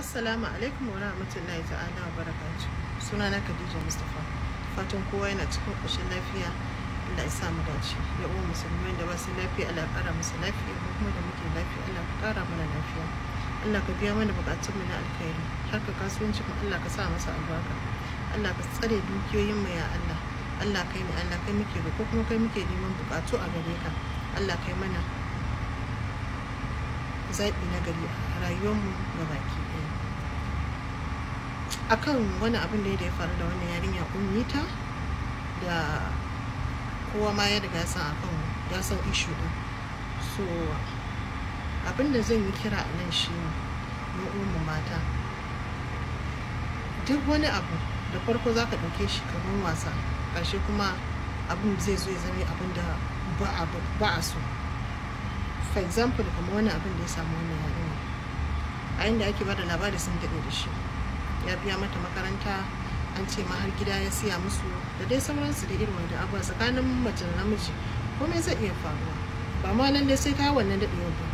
Assalamu alaikum wa rahmatullahi ta'ala wa barakatu. Suna Khadija Mustapha. Fatan kowa yana cikin ƙoshin lafiya Allah ya sa mu dace. Ya uwa musulmai da wasu lafiya Allah ya ƙara musu lafiya ko kuma da muke lafiya Allah ya ƙara mana lafiya. Allah ka biya mana buƙatun mu na alkhairi. Har ka kasuwanci mu Allah ka sa masa albarka. Allah ka tsare dukiyoyin mu ya Allah. Allah kai ne Allah kai muke ko kuma kai muke neman bukatu a gare ka. Allah kai mana zaɓi na gari a rayuwarmu ga baki ɗaya akan wani abin da ya faru da wannan yarinya ummita da kowa ma ya riga san akan ya san ishu ɗin so abin da zan yi kira a nan shi ne na mata duk wani abu da farko za ka ɗauke shi kamar wasa ƙarshe kuma abin zai zo ya zama abin da ba a so for example kamar wani abin da ya samu wani yarinya a inda ake bada labari sun daɗe da shi ya biya mata makaranta an ce ma har gida ya siya musu da dai sauransu da irin wanda abuwa tsakanin mace da namiji komai zai iya faruwa ba ma dai sai ta wannan daɗewar ba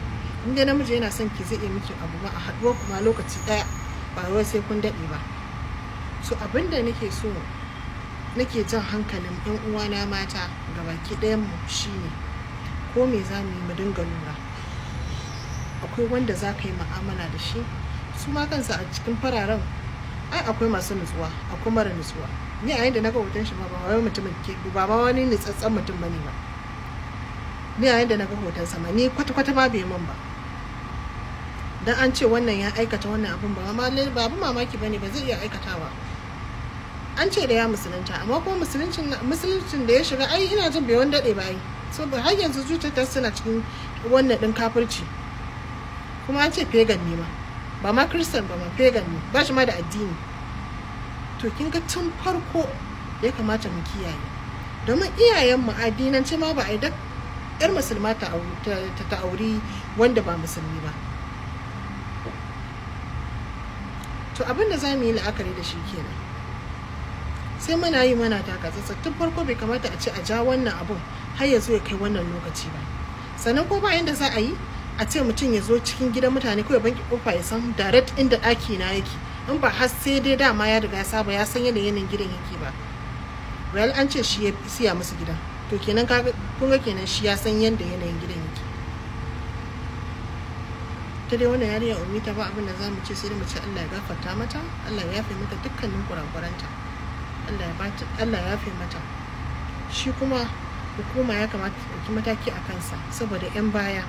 in dai namiji yana son ki zai iya miki abu ma a haɗuwa kuma lokaci ɗaya ba wai sai kun daɗe ba so abin da nake so nake jan hankalin 'yan uwana mata ga baki ɗayan mu shine ko me za mu yi mu dinga lura akwai wanda za ka yi ma'amala da shi su ma kansa a cikin fararen ai akwai masu nutsuwa akwai mara nutsuwa ni a yadda na ga hoton shi ma ba wai mutumin ke ba ma wani nutsatsen mutum bane ba ni a yadda na ga hoton sama ni kwata kwata ma bai mun ba dan an ce wannan ya aikata wannan abun ba ma ba abun mamaki bane ba zai iya aikatawa an ce da ya musulunta amma kuma musuluncin da ya shiga ai ina jin bai wani dade ba ai saboda har yanzu zuciyar suna cikin wannan din kafirci kuma an ce pagan ne ma ba ma kristan ba ma pagan ne ba shi ma da addini to kin ga tun farko ya kamata mu kiyaye domin iyayenmu ce ma ba a yi da yar musulma ta auri wanda ba musulmi ba to abin da za mu yi la'akari da shi kenan sai muna yi mana tsatsa tun farko bai kamata a ce a ja wannan abun har ya zo ya kai wannan lokaci ba sannan ko ba yadda za a yi a ce mutum ya zo cikin gidan mutane ko ya banki kofa ya san direct inda ɗaki na yake in ba har sai dai dama ya riga saba ya san yadda yanayin gidan yake ba well an ce shi ya siya musu gidan to kenan kun ga kenan shi ya san yadda yanayin gidan yake ta dai wannan yarinya umita ba abin da za mu ce sai da mu ce Allah ya gafarta mata Allah ya yafe mata dukkanin kurakuranta Allah ya fi yafe mata shi kuma hukuma ya kamata ta ɗauki mataki a kansa saboda 'yan baya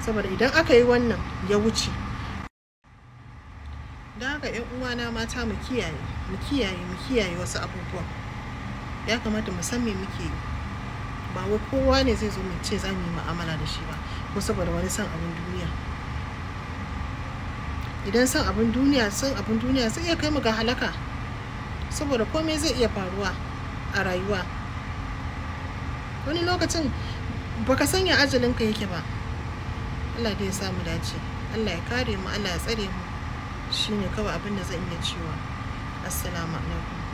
saboda idan aka yi wannan ya wuce don haka 'yan uwana mata mu kiyaye mu kiyaye mu kiyaye wasu abubuwan ya kamata mu san me muke yi ba wa kowa ne zai zo mu ce za mu yi mu'amala da shi ba ko saboda wani san abin duniya idan san abin duniya san abin duniya zai iya kai mu ga halaka saboda komai zai iya faruwa a rayuwa wani lokacin baka sanya ka yake ba Allah da ya samu dace Allah ya kare mu Allah ya tsare mu shine kawai abin da zan iya cewa assalamu alaikum